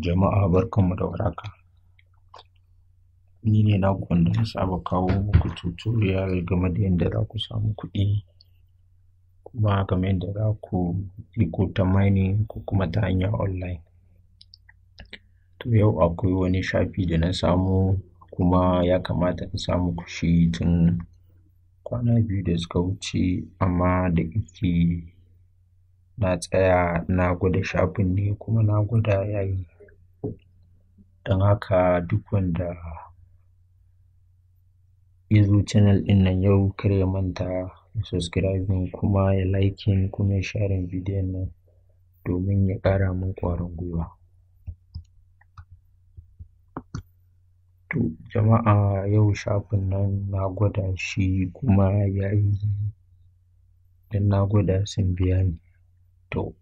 Jama'a barkanmu da waraka. ni ne naku wanda na saba kawo muku tutorial game da yadda za ku samu kuɗi kuma game da za ku yi ko ta mining ko kuma ta hanya online to yau akwai wani shafi da na samu kuma ya kamata in samu kushi tun kwana biyu da suka wuce amma da yake na tsaya na gwada shafin ne kuma na gwada ya yi don haka duk wanda yazo zo channel ɗin nan yau kar ya manta ya subscribing kuma ya liking kuma ya sharing bidiyon nan domin ya kara min kwarin gwiwa to jama'a yau shafin nan na gwada shi kuma ya yi na gwada sun biya ni to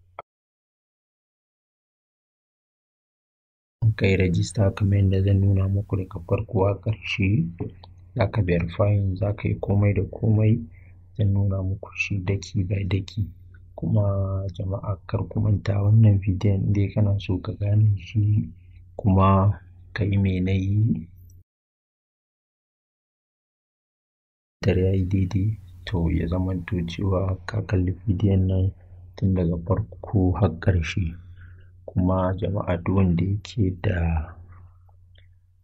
ka yi rajista kamar yadda zan nuna muku daga farko a ƙarshe za ka verifying za ka yi komai da komai zan nuna muku shi daki by daki kuma jama'a kar ku manta wannan bidiyon dai kana so ka gane shi kuma ka yi me na yi ya yi daidai to ya zamanto cewa ka kalli bidiyon nan tun daga farko har ƙarshe kuma jama'a duk wanda yake da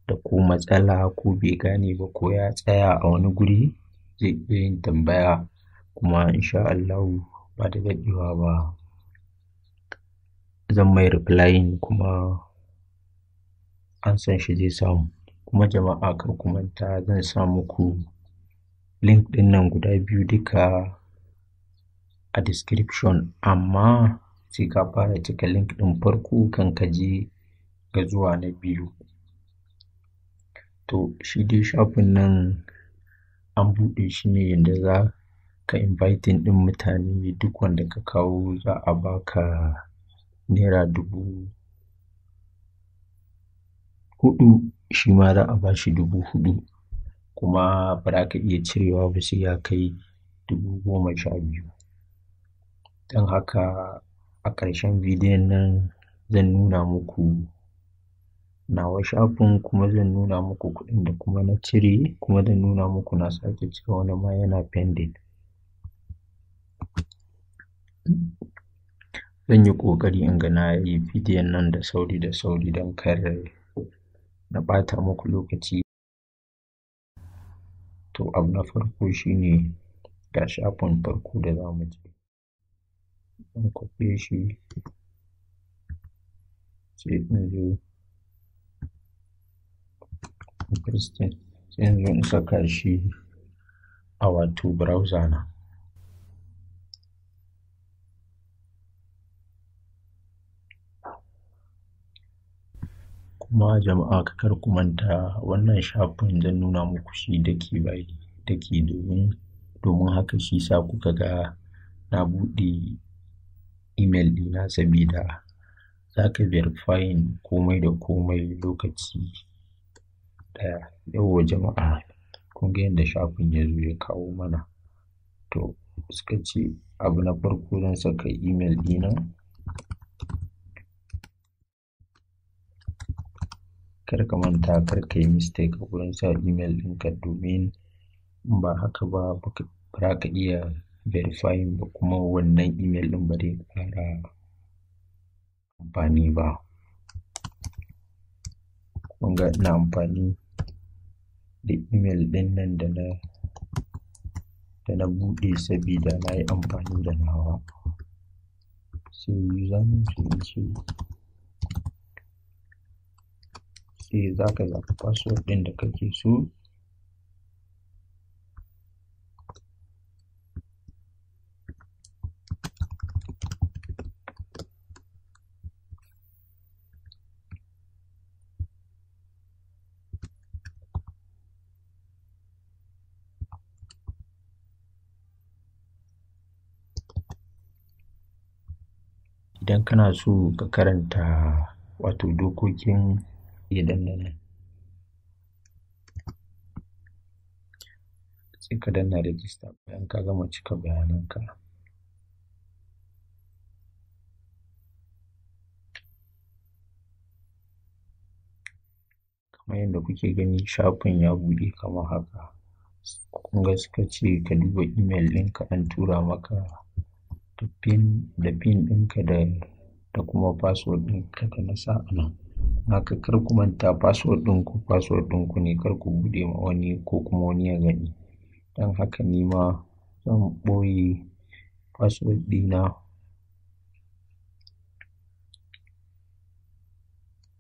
da ko matsala ko bai gane ba ko ya tsaya a wani guri zai iya yin tambaya kuma insha Allahu ba da daɗewa ba zan mai replying kuma an san shi zai samu kuma jama'a kar ku manta zan sa muku link ɗin nan guda biyu duka a description amma sai ka fara cika link ɗin farko kan ka je ga zuwa na biyu to shi dai shafin nan an buɗe shi ne yadda za ka inviting ɗin mutane duk wanda ka kawo za a baka naira dubu huɗu shi ma za a ba shi dubu hudu, kuma ba za ka iya cirewa ba sai ya kai dubu goma sha biyu don haka a ƙarshen bidiyon nan zan nuna muku nawa shafin kuma zan nuna muku kuɗin da kuma na cire kuma zan nuna muku na sake cire wani ma yana pending zan yi ƙoƙari in ga na yi bidiyon nan da sauri da sauri don kar na ɓata muku lokaci to abu na farko shine ga shafin farko da za mu je in kwafe shi sai in zo sai in zo in saka shi a wato browser na kuma jama'a kakar ku manta wannan shafin zan nuna muku shi daki bai domin domin haka shi sa kuka ga na buɗe email ɗina sabida za ka verifayin komai da komai lokaci ɗaya. Yauwa jama'a kun ga yadda shafin ya zo ya kawo mana. To suka ce abu na farko zan saka email ɗina kar ka manta kar ka yi mistake a gurin sa email ɗinka domin in ba haka ba ba ka iya verifying ba kuma wannan email ɗin ba zai ƙara amfani ba kun ga ina amfani da email ɗin nan da na da na buɗe sabida na yi amfani da nawa sai za mu ce ce sai za ka zaɓi password ɗin da kake so idan kana so ka karanta wato dokokin idan nan. sai ka danna rajista bayan ka gama cika bayananka. Kamar yadda kuke gani shafin ya buɗe kamar haka, kun ga suka ce ka duba ɗin ɗinka an tura maka. da pin ɗinka da kuma password ɗinka da na sa a nan. Haka kar ku manta password ɗinku password ɗinku ne kar ku buɗe ma wani ko kuma wani ya gani. Don haka ni ma zan ɓoye password ɗina.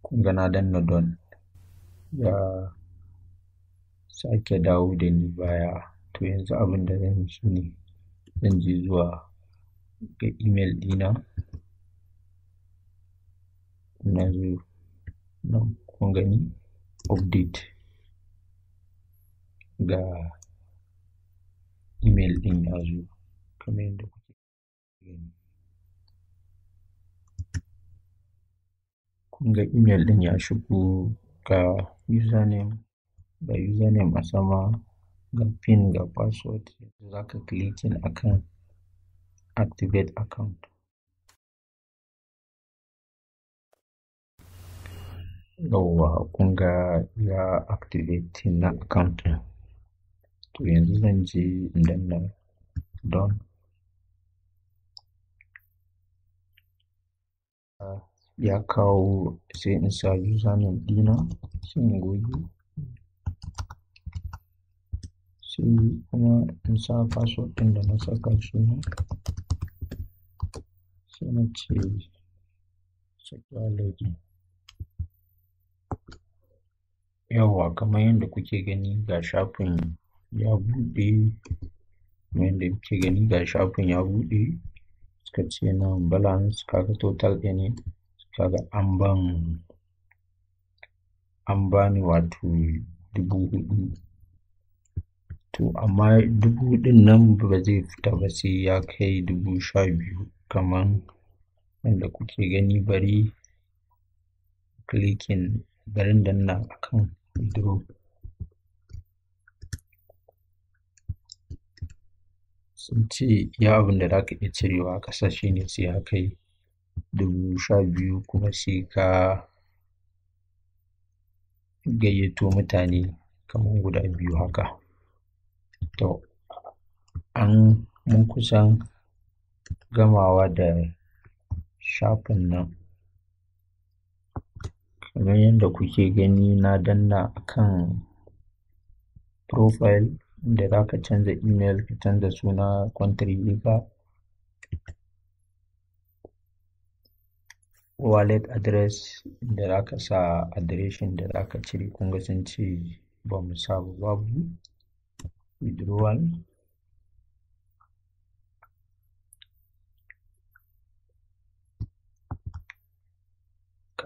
Kun ga na danna don Ya sake dawo da ni baya. To yanzu abin da zan yi shi ne zan je zuwa ga email dina na zo nan kun gani update ga email din ya zo kamar yadda kuke gani kun ga email din ya shigo ga username ga username a sama ga pin ga password za ka clicking akan activate account Yawwa kun ga ya activate na account ɗin to yanzu zan je in danna don ya kawo sai in sa username ɗina sai in goge sai kuma in sa password ɗin da na saka shi ne sai na psychology yawwa kamar yadda kuke gani ga shafin ya buɗe kamar yadda kuke gani ga shafin ya buɗe suka ce nan balance kaga total ɗaya suka ga an ban an bani wato dubu hudu to amma dubu ɗin nan ba zai fita ba sai ya kai dubu sha biyu kaman yadda kuke gani bari clicking bari in danna akan draw sun ce iya abinda zaka iya cirewa ƙasa shine sai ya kai dubu sha biyu kuma sai ka gayyato mutane kaman guda biyu haka to an mun kusan gamawa da shafin nan kamar yadda kuke gani na danna akan profile inda za ka canza email ka canza suna contributor wallet address da za ka sa adireshin da za ka cire kun ga sun ce ba mu sa ba babu withdrawal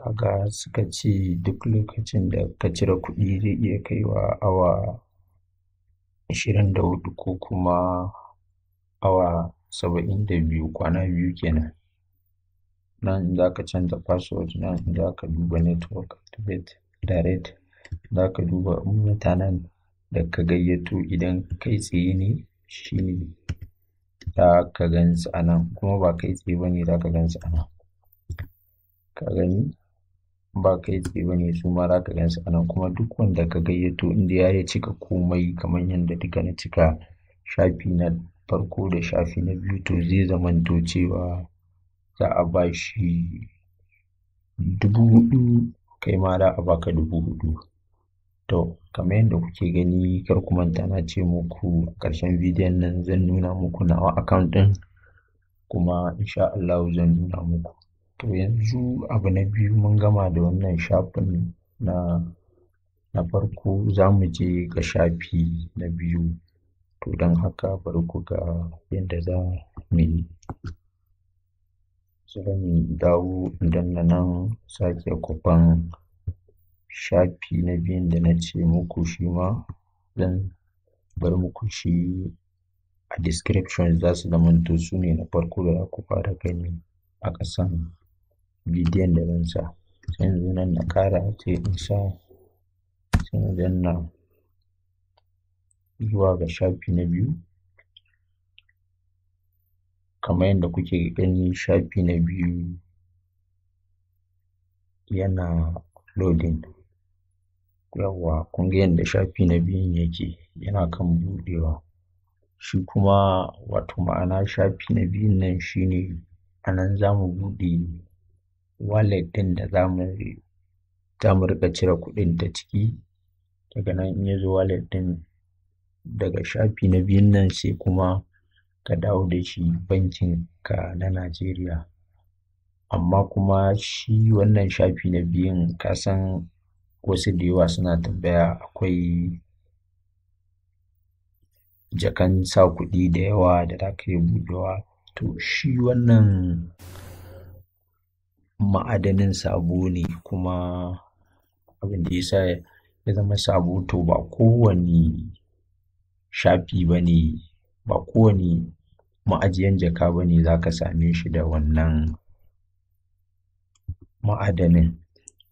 kaga suka ce duk lokacin da ka cire kuɗi zai iya kaiwa awa ashirin da hudu ko kuma awa saba'in da biyu kwana biyu kenan. Nan in za ka canza password, nan za ka duba network activate direct, za ka duba in mutanen da ka gayyato idan kai tsaye ne shi ne za ka gan a nan kuma ba kai tsaye ba ne za ka gan su a nan. Ka gani? ba kai tsaye ba ne su ma za ka gansu a nan kuma duk wanda ka gayyato inda ya yi cika komai kamar yadda duka na cika shafi na farko da shafi na biyu to zai zamanto cewa za a ba shi dubu huɗu kai ma za a ka dubu huɗu to kamar yadda kuke gani kar ku manta na ce muku a ƙarshen bidiyon nan zan nuna muku nawa account ɗin kuma insha Allahu zan nuna muku To yanzu abu na biyu mun gama da wannan shafin na na farko za mu je ga shafi na biyu. To don haka bari ku ga yadda za mu yi. Zan dawo in danna nan sake kwafan shafi na biyun da na ce muku shi ma zan bar muku shi a description za su zamanto su ne na farko da za ku fara gani a ƙasan. bidiyon da zan sa sai yanzu nan na ƙara ce in sa sai na danna zuwa ga shafi na biyu kamar yadda kuke gani shafi na biyu yana loading yawwa kun ga yadda shafi na biyun yake yana kan buɗewa shi kuma wato ma'ana shafi na biyun nan shine a nan za mu buɗe wallet ɗin da za mu riƙa cire kuɗin ta ciki daga nan in ya zo wallet ɗin daga shafi na biyun nan sai kuma ka dawo da shi bankin ka na Najeriya amma kuma shi wannan shafi na biyun ka san wasu da yawa suna tambaya akwai jakan sa kuɗi da yawa da za ka yi buɗewa to shi wannan ma'adanin sabo ne kuma abin da yasa ya zama sabo to ba kowane shafi ba ne ba kowane ma'ajiyan jaka ba ne za ka same shi da wannan ma'adanin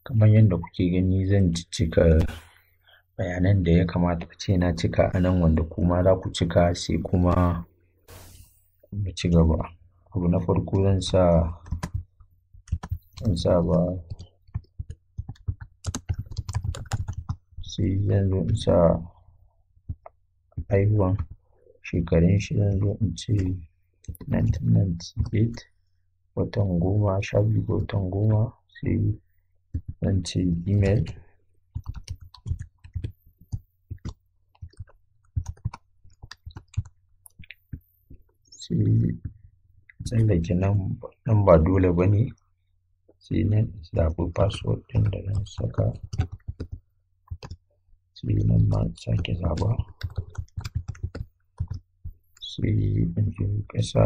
kamar yadda kuke gani zan cika bayanan da ya kamata ku ce na cika a nan wanda kuma za ku cika sai kuma mu ci gaba abu na farko zan sa sa ba sai zan zo in sa haihuwan shekarun shi zan zo in ce 1998 watan goma sha biyu ga watan goma sai zan ce email sai tsallake nan ba dole ba ne sai na zaɓi password ɗin da zan saka sai nan ma sake zaɓa sai in je ƙasa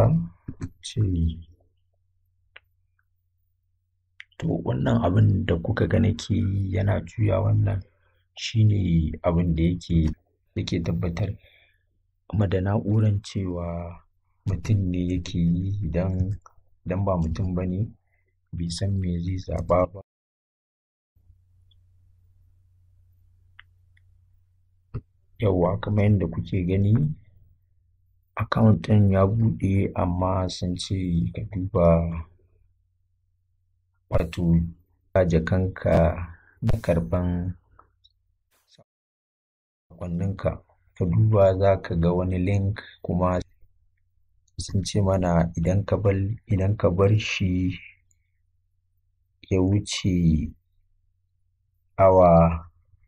ce to wannan abin da kuka ga nake yi yana juya wannan shine abin da yake yake tabbatar kuma da na'uran cewa mutum ne yake yi idan idan ba mutum ba ne bai san me zai zaɓa ba yawwa kamar yadda kuke gani account ɗin ya buɗe amma sun ce ka duba wato jakanka na karɓan saƙonninka ka duba za ka ga wani link kuma sun ce mana idan ka bar shi ya wuce awa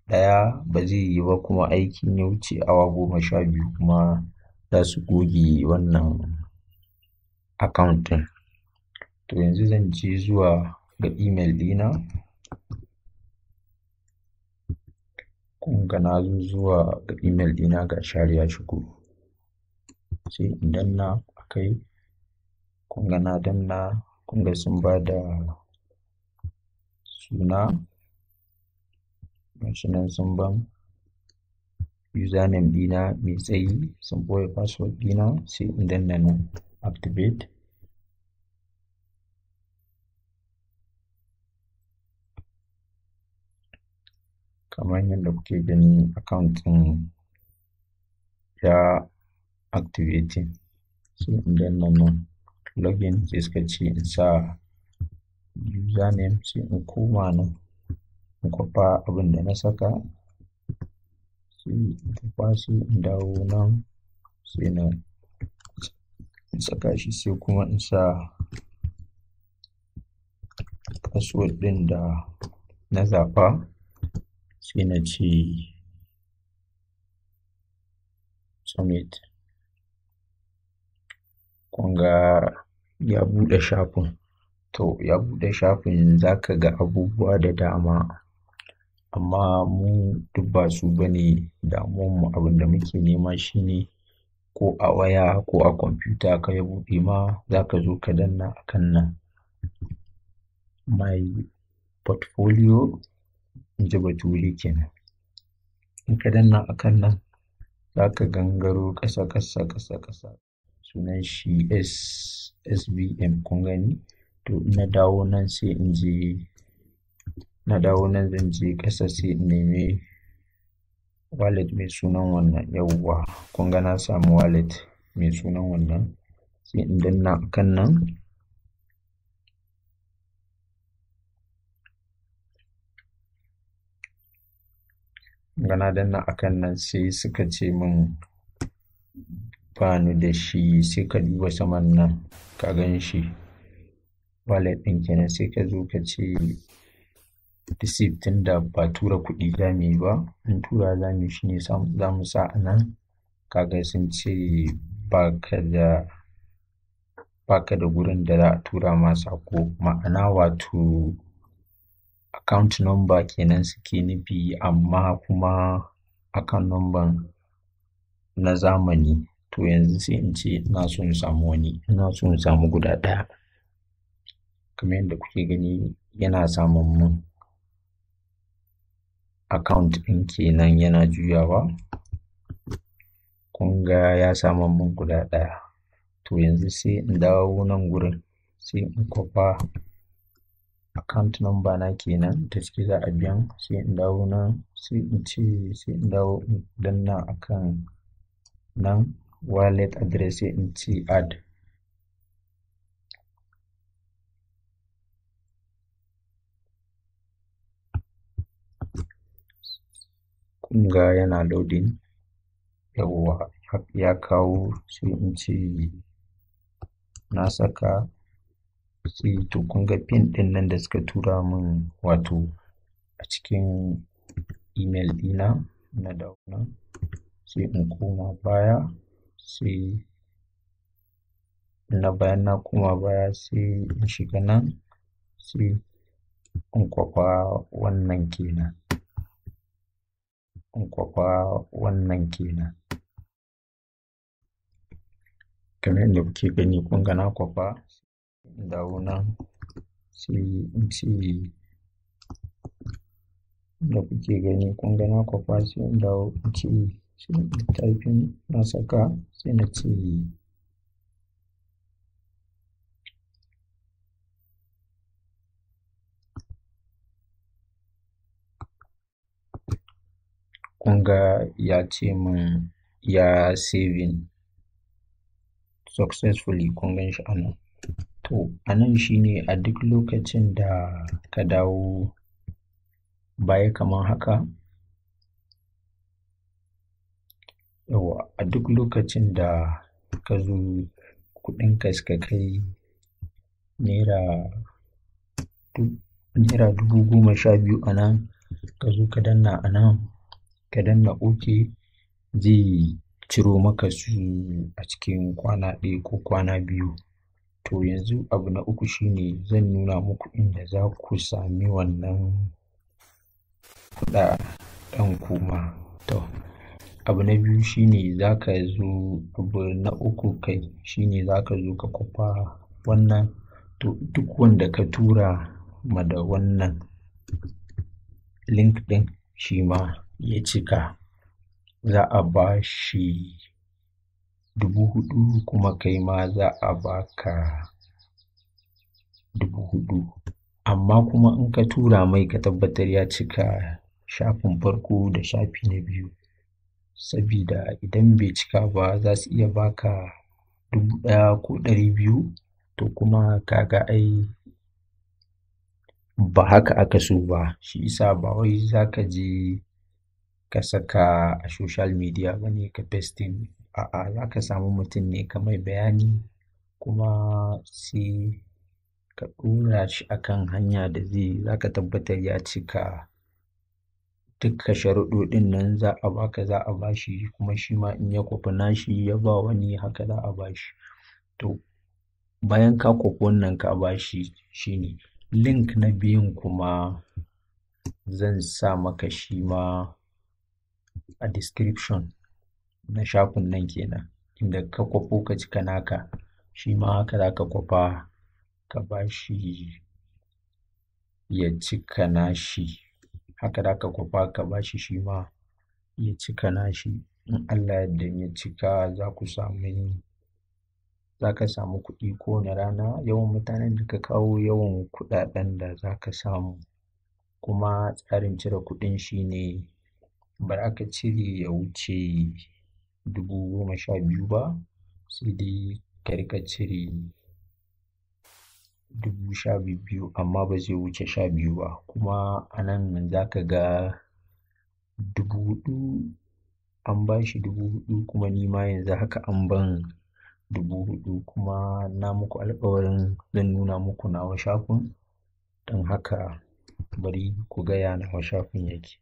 ɗaya ba zai yi ba kuma aikin ya wuce awa goma sha biyu kuma za su goge wannan account ɗin. To yanzu zan je zuwa ga email ɗina. Kun ga na zo zuwa ga email ɗina ga share ya shigo. Sai in danna a kai. Kun ga na danna kun sun ba da suna gashi nan sun ban username ɗina mai tsayi sun ɓoye password dina, sai in danna nan activate kamar yadda kuke gani account ɗin ya activating sai in danna nan login sai suka ce in sa username sai in koma nan in kwafa abin da na saka sai in kwafa in dawo nan sai na saka shi sai kuma in sa password ɗin da na zafa sai na ce submit kun ya buɗe shafin To, ya buɗe shafin za ka ga abubuwa da dama, amma mu duk ba su ba ne damuwanmu. Abin da muke nema shi ne ko a waya ko a kwamfuta ka ya buɗe ma za ka zo ka danna a kan nan. My portfolio in ji kenan. In ka danna a kan nan za ka gangaro ƙasa ƙasa ƙasa ƙasa sunan shi S SBM kun gani. to na dawo nan sai in je na dawo nan zan je ƙasa sai in nemi wallet mai sunan wannan yawwa kun ga na samu wallet mai sunan wannan sai in danna kan nan gana danna a kan nan sai suka ce min ba da shi sai ka duba saman nan ka gan shi wallet ɗin kenan sai ka zo ka ce receipt da ba tura kuɗi za mu yi ba in tura za mu yi shi ne za mu sa a nan kaga sun ce ka da ba ka da gurin da za a tura ma saƙo ma'ana wato account number kenan suke nufi amma kuma account number na zamani to yanzu sai in ce ina so in samu wani ina so in samu guda ɗaya kamar yadda kuke gani yana samun mun account ɗin kenan yana juyawa kun ga ya samun mun guda ɗaya to yanzu sai in dawo nan gurin sai in kwafa account number na kenan ta ciki za a biyan sai in dawo nan sai in ce sai in dawo danna akan nan wallet address sai in ce add kun ga yana loading yawwa ya kawo sai in ce na saka sai to kun ga pin ɗin nan da suka tura min wato a cikin email ɗina na dawo nan sai in koma baya sai na bayan na koma baya sai in shiga nan sai in kwafa wannan kenan Kwafa wannan kenan. Kamar yadda kuke gani kun ga na kwafa, in dawo nan sai in ce da kuke gani kun ga na kwafa sai in dawo in ce sai in yi typing na saka sai na ce kunga ya ce min ya saving successfully kungan shi anan to anan shine a duk lokacin da ka dawo baya kamar haka yawa a duk lokacin da ka zo kuɗinka suka kai naira naira dubu goma sha biyu a nan ka zo ka danna a nan ka danna ok zai ciro maka su a cikin kwana ɗaya ko kwana biyu. To yanzu abu na uku shine zan nuna muku inda za ku sami wannan kuɗaɗen kuma. To abu na biyu shine za ka zo abu na uku kai shine za ka zo ka kwafa wannan to duk wanda ka tura ma da wannan link ɗin shi ma. ya cika za a ba shi dubu huɗu kuma kai ma za a ba ka dubu huɗu amma kuma in ka tura mai ka tabbatar ya cika shafin farko da shafi na biyu sabida idan bai cika ba za su iya baka ka dubu ɗaya ko ɗari biyu to kuma kaga ai ba haka aka so ba shi isa ba wai za ka je ka saka a social media ba ne ka pasting. A'a, za ka samu mutum ne ka mai bayani kuma sai ka ɗora shi a kan hanya da zai za ka tabbatar ya cika dukka sharuɗoɗin nan za a baka za a bashi kuma shi ma in ya kwafi nashi ya ba wani haka za a bashi. To bayan ka kwafi wannan ka bashi shine link na biyun kuma zan sa maka shi ma a description na shafin nan kenan inda ka kwafo ka cika naka shi ma haka za ka kwafa ka ba shi ya cika nashi haka za ka kwafa ka ba shi shi ma ya cika shi in Allah ya yarda ya cika za ku samu za ka samu kuɗi kowane rana yawan mutanen da ka kawo yawan kuɗaɗen da za ka samu kuma tsarin cire kuɗin shi ne bar aka cire ya wuce dubu goma sha biyu ba sai dai ka riƙa cire dubu sha biyu amma ba zai wuce sha biyu ba kuma a nan za ka ga dubu huɗu an ba shi dubu huɗu kuma ni ma yanzu haka an ban dubu huɗu kuma na muku alƙawarin zan nuna muku nawa shafin don haka bari ku gaya nawa shafin yake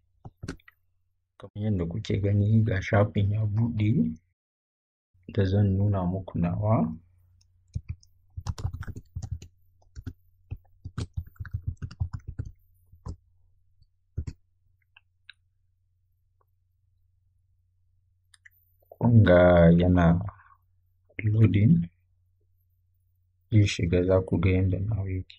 kamar yadda kuke gani ga shafin ya buɗe da zan nuna muku nawa ga yana loading yi shiga za ku ga yadda nawa yake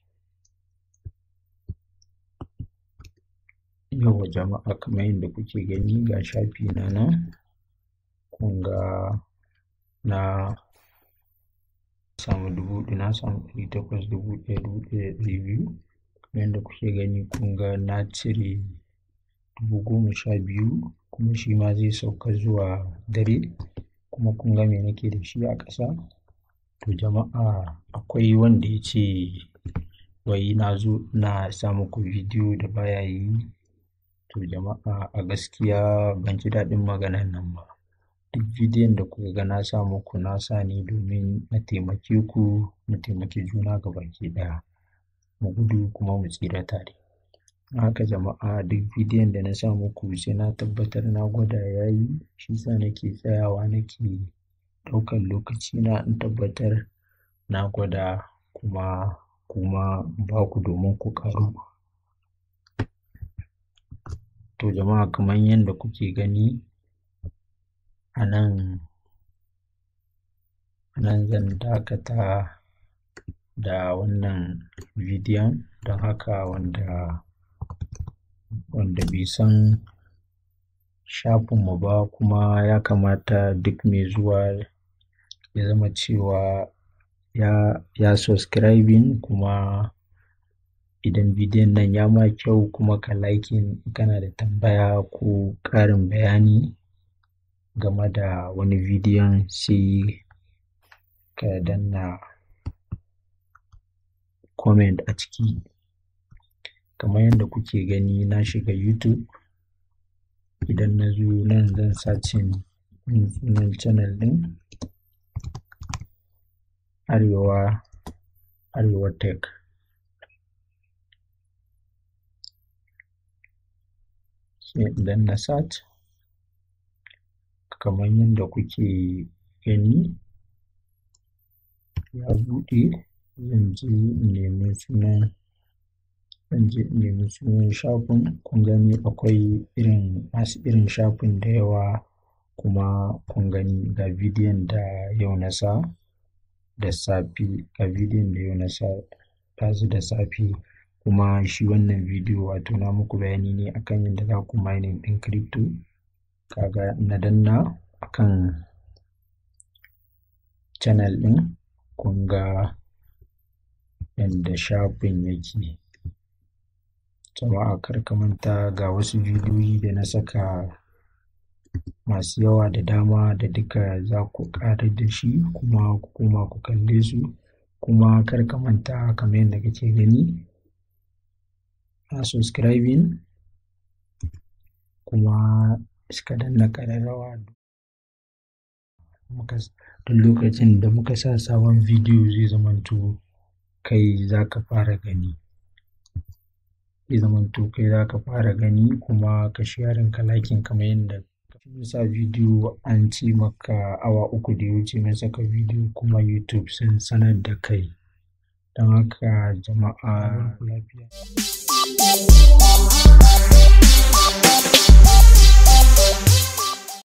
Yauwa jama'a kamar yadda kuke gani ga shafi na nan kun ga na samu dubu na samu ɗari takwas dubu ɗaya dubu ɗaya da ɗari biyu kamar yadda kuke gani kun ga na cire dubu goma sha biyu kuma shi ma zai sauka zuwa dare kuma kun ga me nake da shi a ƙasa to jama'a akwai wanda ya ce wai na zo na sa muku bidiyo da baya yi To jama'a a gaskiya ban ji daɗin maganan nan ba. Duk bidiyon da kuka ga na sa muku na sa ne domin na taimake ku mu taimaki juna gabaki ɗaya. Mu gudu kuma mu tsira tare. Haka jama'a duk bidiyon da na sa muku sai na tabbatar na gwada ya yi shi sa nake tsayawa nake ɗaukan lokacina in tabbatar na gwada kuma kuma in ba ku domin ku ƙaru. To jama'a kamar yadda kuke gani a nan nan zan dakata da wannan bidiyon don haka wanda wanda bai san shafinmu ba kuma ya kamata duk mai zuwa ya zama cewa ya ya subscribing kuma idan bidiyon nan ya ma kyau kuma ka like kana da tambaya ko ƙarin bayani game da wani bidiyon sai ka danna comment a ciki kamar yadda kuke gani na shiga YouTube idan na zo nan zan sacin sunan channel ɗin Arewa Arewa Tech sai na sat search kamar yadda kuke gani ya buɗe zan je in nemi sunan zan je nemi sunan shafin kun gani akwai irin masu irin shafin da yawa kuma kun gani ga bidiyon da yau na sa da safe ga bidiyon da yau na sa da safe kuma shi wannan bidiyo wato na muku bayani ne akan yadda za ku mining ɗin crypto kaga na danna akan channel ɗin kun ga yadda shafin yake jama'a kar ka manta ga wasu bidiyoyi da na saka masu yawa da dama da duka za ku ƙarar da shi kuma ku koma ku kalle su kuma kar ka manta kamar yadda kake gani a subscribing kuma suka danna ƙararrawa duk lokacin da muka sa sabon bidiyo zai zamanto kai za ka fara gani zai zamanto kai za ka fara gani kuma ka sharing ka liking kamar yadda mun sa bidiyo an ci maka awa uku da ya wuce mai saka bidiyo kuma YouTube sun sanar da kai don haka jama'a lafiya